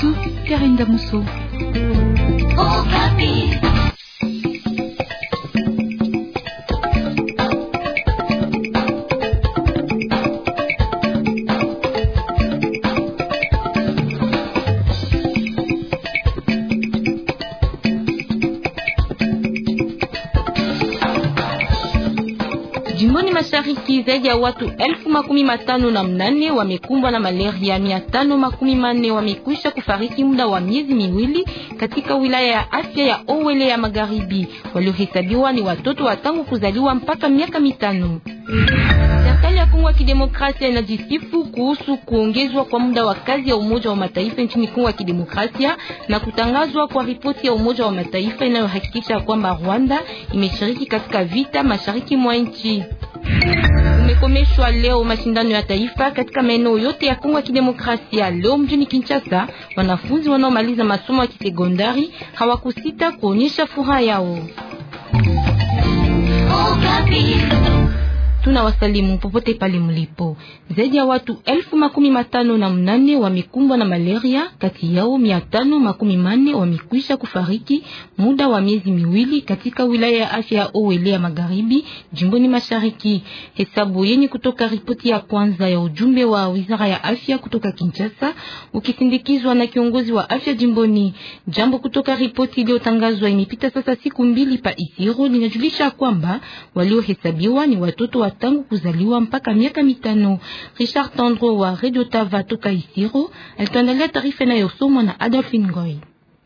tout, tout, Karine Au Mashariki zaidi ya watu elfu makumi matano na mnane wamekumbwa na malaria, mia tano makumi manne wamekwisha kufariki muda wa miezi miwili katika wilaya ya afya ya Owele ya Magharibi. Waliohesabiwa ni watoto wa tangu kuzaliwa mpaka miaka mitano. Serikali ya Kongo ya Kidemokrasia inajisifu kuhusu kuongezwa kwa muda wa kazi ya Umoja wa Mataifa nchini Kongo ya Kidemokrasia na kutangazwa kwa ripoti ya Umoja wa Mataifa inayohakikisha kwamba Rwanda imeshiriki katika vita mashariki mwa nchi. Umekomeshwa leo mashindano ya taifa katika maeneo yote ya Kongo ya Kidemokrasia. Leo mjini Kinshasa, wanafunzi wanaomaliza masomo ya kisekondari hawakusita kuonyesha furaha yao wasalimu popote pale mlipo. Zaidi ya watu elfu makumi matano na mnane wamekumbwa na malaria, kati yao mia tano makumi manne wamekwisha kufariki muda wa miezi miwili katika wilaya ya afya ya Owele ya Magharibi, jimboni Mashariki. Hesabu yenye kutoka ripoti ya kwanza ya ujumbe wa wizara ya afya kutoka Kinshasa, ukisindikizwa na kiongozi wa afya jimboni. Jambo kutoka ripoti iliyotangazwa imepita sasa siku mbili pa Isiro linajulisha kwamba waliohesabiwa ni watoto wa tangu kuzaliwa mpaka miaka mitano. Richard Tandro wa Radio Tava toka Isiro alituandalia taarifa inayosomwa na Adolphine ngoy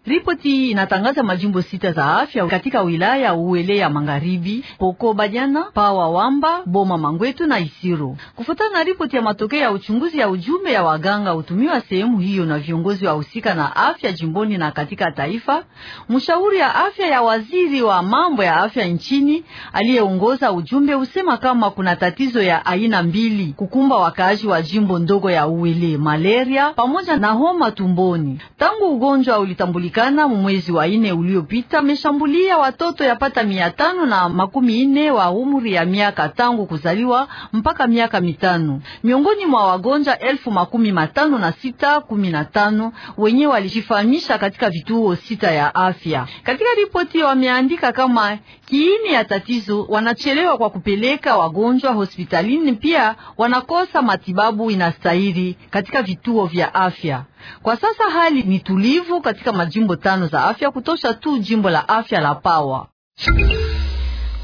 Ripoti inatangaza majimbo sita za afya katika wilaya Uwele ya Magharibi, Poko Badiana, Pawa Wamba, Boma Mangwetu na Isiro. Kufuatana na ripoti ya matokeo ya uchunguzi ya ujumbe ya waganga utumiwa sehemu hiyo na viongozi wa husika na afya jimboni na katika taifa, mshauri ya afya ya waziri wa mambo ya afya nchini aliyeongoza ujumbe husema kama kuna tatizo ya aina mbili kukumba wakaaji wa jimbo ndogo ya Uwele, malaria pamoja na homa tumboni tangu ugonjwa ulitambulika kupatikana mwezi wa ine uliopita ameshambulia watoto yapata mia tano na makumi ine wa umri ya miaka tangu kuzaliwa mpaka miaka mitano, miongoni mwa wagonjwa elfu makumi matano na sita kumi na tano wenye walijifahamisha katika vituo sita ya afya. Katika ripoti wameandika kama kiini ya tatizo wanachelewa kwa kupeleka wagonjwa hospitalini, pia wanakosa matibabu inastahili katika vituo vya afya. Kwa sasa hali ni tulivu katika majimbo tano za afya kutosha tu jimbo la afya la Pawa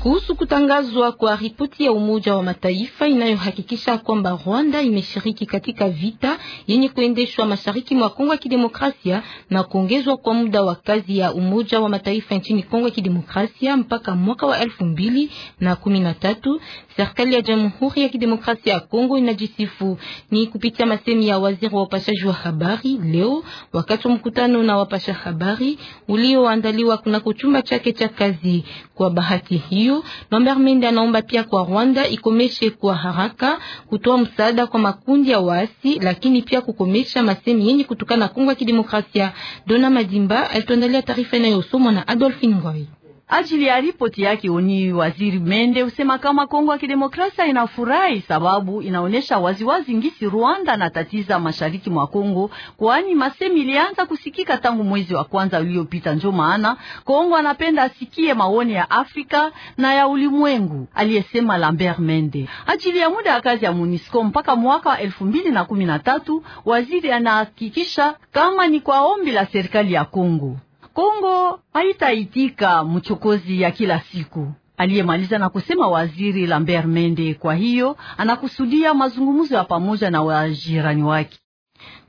kuhusu kutangazwa kwa ripoti ya Umoja wa Mataifa inayohakikisha kwamba Rwanda imeshiriki katika vita yenye kuendeshwa mashariki mwa Kongo ya Kidemokrasia na kuongezwa kwa muda wa kazi ya Umoja wa Mataifa nchini Kongo ya Kidemokrasia mpaka mwaka wa elfu mbili na kumi na tatu. Serikali ya Jamhuri ya Kidemokrasia ya Kongo inajisifu ni kupitia masemi ya waziri wa upashaji wa habari leo wakati wa mkutano na wapasha habari ulioandaliwa kunako chumba chake cha kazi. Kwa bahati hiyo tano. Lambert Mende anaomba pia kwa Rwanda ikomeshe kwa haraka kutoa msaada kwa makundi ya waasi, lakini pia kukomesha masemi yenye kutukana na Kongo ya Kidemokrasia. Dona Madimba alituandalia taarifa inayosomwa na Adolphine Ngoy ajili ya ripoti yake oni. Waziri Mende husema kama Kongo ya Kidemokrasia inafurahi sababu inaonyesha waziwazi ngisi Rwanda na tatiza mashariki mwa Kongo, kwani masemi ilianza kusikika tangu mwezi wa kwanza uliopita. Njo maana Kongo anapenda asikie maoni ya Afrika na ya ulimwengu, aliyesema Lambert Mende. Ajili ya muda ya kazi ya MONUSCO mpaka mwaka wa elfu mbili na kumi na tatu, waziri anahakikisha kama ni kwa ombi la serikali ya Kongo. Kongo haitaitika mchokozi ya kila siku, aliyemaliza na kusema waziri Lambert Mende. Kwa hiyo anakusudia mazungumzo ya pamoja na wajirani wake.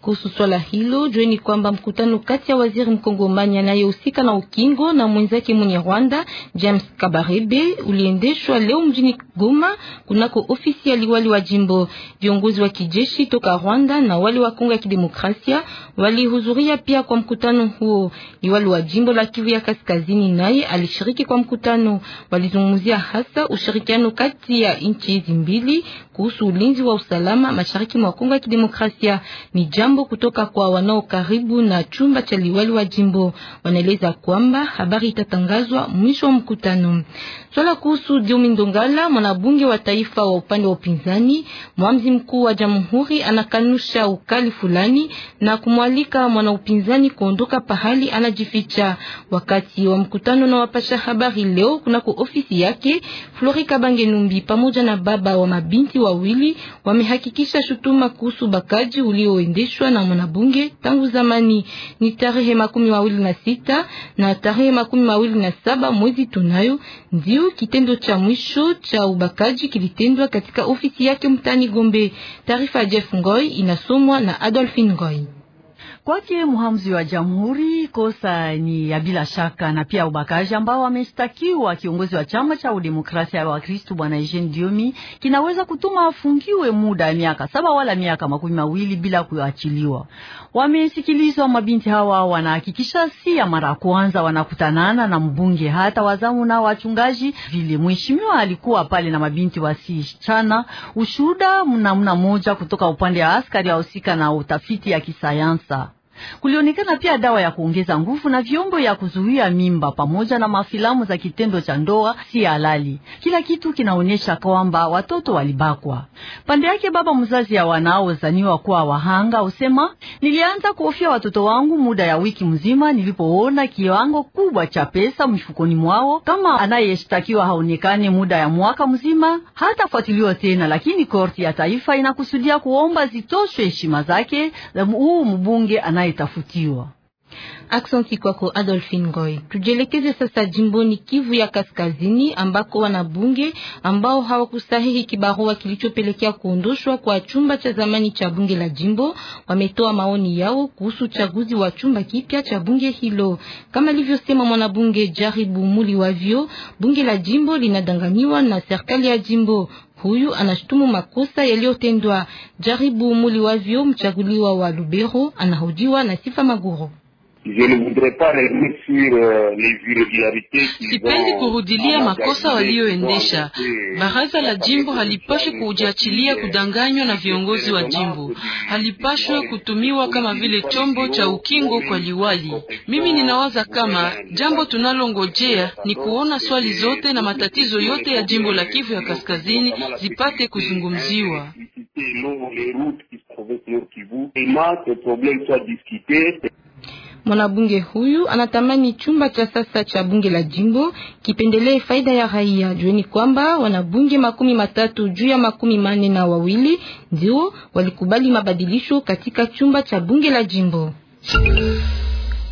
Kuhusu swala hilo, jueni kwamba mkutano kati ya waziri mkongomani anayehusika na ukingo na mwenzake mwenye Rwanda James Kabarebe uliendeshwa leo mjini Goma kunako ofisi ya liwali wa jimbo. Viongozi wa kijeshi toka Rwanda na wale wa Kongo ya Kidemokrasia walihudhuria pia kwa mkutano huo. Liwali wa jimbo la Kivu ya Kaskazini naye alishiriki kwa mkutano. Walizungumzia hasa ushirikiano kati ya nchi hizi mbili kuhusu ulinzi wa usalama mashariki mwa Kongo ya Kidemokrasia. Ni jam jambo kutoka kwa wanao karibu na chumba cha liwali wa jimbo. Wanaeleza kwamba habari itatangazwa mwisho wa mkutano. Swala kuhusu Diomi Ndongala, mwanabunge wa taifa wa upande wa upinzani, mwamzi mkuu wa jamhuri anakanusha ukali fulani na kumwalika mwana upinzani kuondoka pahali anajificha. Wakati wa mkutano na wapasha habari leo kunako ofisi yake, Flori Kabange Numbi pamoja na baba wa mabinti wawili wamehakikisha shutuma kuhusu bakaji ulioendeshwa imeanzishwa na mwanabunge tangu zamani, ni tarehe makumi mawili na sita na tarehe makumi mawili na saba mwezi tunayo, ndio kitendo cha mwisho cha ubakaji kilitendwa katika ofisi yake mtani Gombe. Taarifa ya Jeff Ngoi inasomwa na Adolphine Ngoi. Kwake mhamzi wa jamhuri, kosa ni ya bila shaka na pia ubakaji ambao ameshtakiwa kiongozi wa chama cha udemokrasia wa Kristu Bwana Eugene Diomi kinaweza kutuma afungiwe muda ya miaka saba wala miaka makumi mawili bila kuachiliwa. Wamesikilizwa mabinti hawa, wanahakikisha si ya mara kwanza wanakutanana na mbunge, hata wazamu na wachungaji vile. Mheshimiwa alikuwa pale na mabinti wasichana, ushuhuda mnamna moja kutoka upande wa askari ahusika na utafiti ya kisayansa. Kulionekana pia dawa ya kuongeza nguvu na vyombo ya kuzuia mimba pamoja na mafilamu za kitendo cha ndoa si halali. Kila kitu kinaonyesha kwamba watoto walibakwa. Pande yake baba mzazi ya wanaozaniwa kuwa wahanga usema, nilianza kuhofia watoto wangu muda ya wiki mzima nilipoona kiwango kubwa cha pesa mfukoni mwao. Kama anayeshtakiwa haonekane muda ya mwaka mzima, hatafuatiliwa tena, lakini korti ya taifa inakusudia kuomba zitoshwe heshima zake huu mbunge anaye Tá futuro Aksanti kwako Adolphine Ngoy. Tujielekeze sasa jimboni Kivu ya Kaskazini ambako wanabunge ambao hawakusahihi kibarua kilichopelekea kuondoshwa kwa chumba cha zamani cha bunge la jimbo wametoa maoni yao kuhusu uchaguzi wa chumba kipya cha bunge hilo. Kama alivyosema mwanabunge Jaribu Muli Wavyo, bunge la jimbo linadanganyiwa na serikali ya jimbo. Huyu anashutumu makosa yaliyotendwa. Jaribu Muli Wavyo, mchaguliwa wa Lubero, anahojiwa na Sifa Maguru. Je ne voudrais pas revenir sur euh, Sipendi kurudilia makosa waliyoendesha Baraza la jimbo halipashwe kujiachilia kudanganywa na viongozi wa jimbo, halipashwe kutumiwa kama vile chombo cha ukingo kwa liwali. Mimi ninawaza kama jambo tunalongojea ni kuona swali zote na matatizo yote ya jimbo la Kivu ya Kaskazini zipate kuzungumziwa. Mwanabunge huyu anatamani chumba cha sasa cha bunge la jimbo kipendelee faida ya raia. Jueni kwamba wanabunge makumi matatu juu ya makumi manne na wawili ndio walikubali mabadilisho katika chumba cha bunge la jimbo.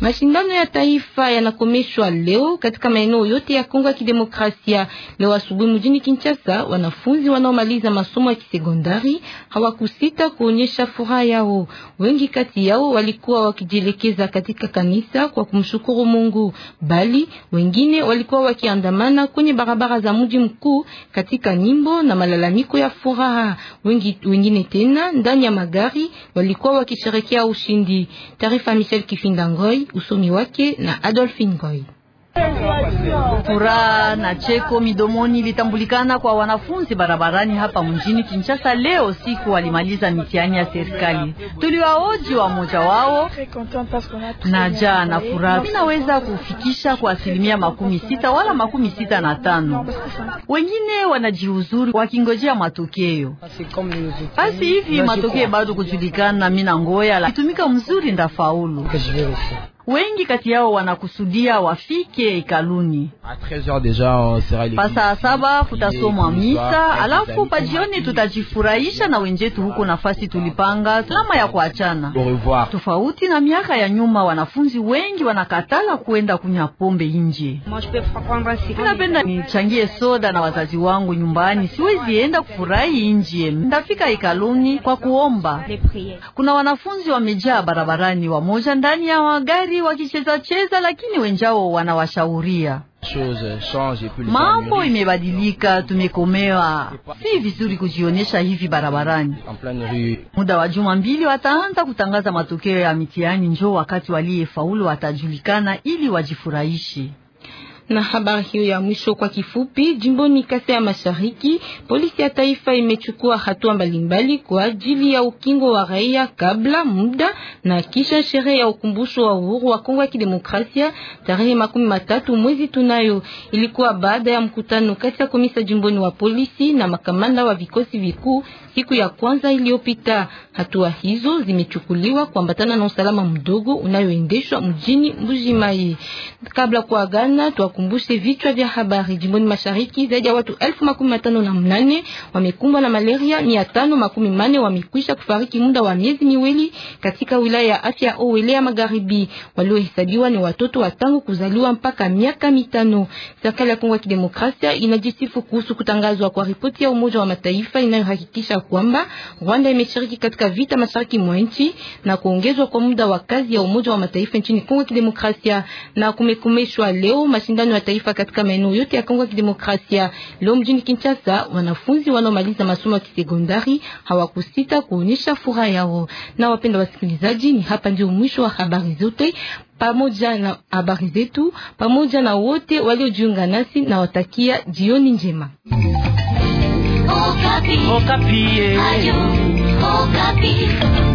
Mashindano ya taifa yanakomeshwa leo katika maeneo yote ya Kongo ya Kidemokrasia. Leo asubuhi mjini Kinshasa, wanafunzi wanaomaliza masomo ya kisekondari hawakusita kuonyesha furaha yao. Wengi kati yao walikuwa wakijielekeza katika kanisa kwa kumshukuru Mungu, bali wengine walikuwa wakiandamana kwenye barabara za mji mkuu katika nyimbo na malalamiko ya furaha. Wengi wengine tena ndani ya magari walikuwa wakisherekea ushindi. Taarifa Michel Kifindangoi usomi wake na Adolphine Ngoi. Furaha na cheko midomoni vitambulikana kwa wanafunzi barabarani hapa mjini Kinshasa leo siku walimaliza mitihani ya serikali. Tuliwaoji wa moja wao na jaa na furaha tunaweza kufikisha kwa asilimia makumi sita wala makumi sita na tano. Wengine wanajiuzuru wakingojea matokeo. Basi hivi matokeo bado kujulikana, mina ngoya la kitumika mzuri ndafaulu. Wengi kati yao wanakusudia wafike ikaluni pa saa saba futasomwa misa, alafu pajioni tutajifurahisha na wenjetu huko nafasi tulipanga salama ya kuachana. Tofauti na miaka ya nyuma, wanafunzi wengi wanakatala kuenda kunya pombe nje. Napenda nichangie soda na wazazi wangu nyumbani, siwezi enda kufurahi nje, ndafika ikaluni kwa kuomba. Kuna wanafunzi wamejaa barabarani, wamoja ndani ya magari wengi wakichezacheza, lakini wenjao wanawashauria mambo imebadilika, tumekomewa. Si vizuri kujionyesha hivi barabarani. Muda wa juma mbili wataanza kutangaza matokeo ya mitihani, njoo wakati waliyefaulu watajulikana ili wajifurahishe. Na habari hiyo ya mwisho kwa kifupi, jimboni Kasai ya Mashariki, polisi ya taifa imechukua hatua mbalimbali kwa ajili ya ukingo wa raia kabla, muda na kisha sherehe ya ukumbusho wa uhuru wa Kongo ya Kidemokrasia tarehe makumi matatu mwezi tunayo. Ilikuwa baada ya mkutano kati ya komisa jimboni wa polisi na makamanda wa vikosi vikuu siku ya kwanza iliyopita. Hatua hizo zimechukuliwa kuambatana na usalama mdogo unayoendeshwa mjini Mbujimayi. Kabla kwa gana, tuwakumbushe vichwa vya habari. Jimboni Mashariki, zaidi ya watu elfu makumi matano na mnane wamekumbwa na malaria, mia tano makumi mane wamekwisha kufariki muda wa miezi miwili katika wilaya ya afya Owele ya Magharibi. Waliohesabiwa ni watoto wa tangu kuzaliwa mpaka miaka mitano. Serikali ya Kongo ya Kidemokrasia inajisifu kuhusu kutangazwa kwa ripoti ya Umoja wa Mataifa inayohakikisha kwamba Rwanda imeshiriki katika katika vita mashariki mwa nchi na kuongezwa kwa muda wa kazi ya Umoja wa Mataifa nchini Kongo Kidemokrasia, na kumekomeshwa leo mashindano ya taifa katika maeneo yote ya Kongo Kidemokrasia. Leo mjini Kinshasa, wanafunzi wanaomaliza masomo ya kisekondari hawakusita kuonyesha furaha yao. Na wapenda wasikilizaji, ni hapa ndio mwisho wa habari zote pamoja na habari zetu pamoja na wote waliojiunga nasi, na watakia jioni njema. Okapi. Okapi. Oh Beat.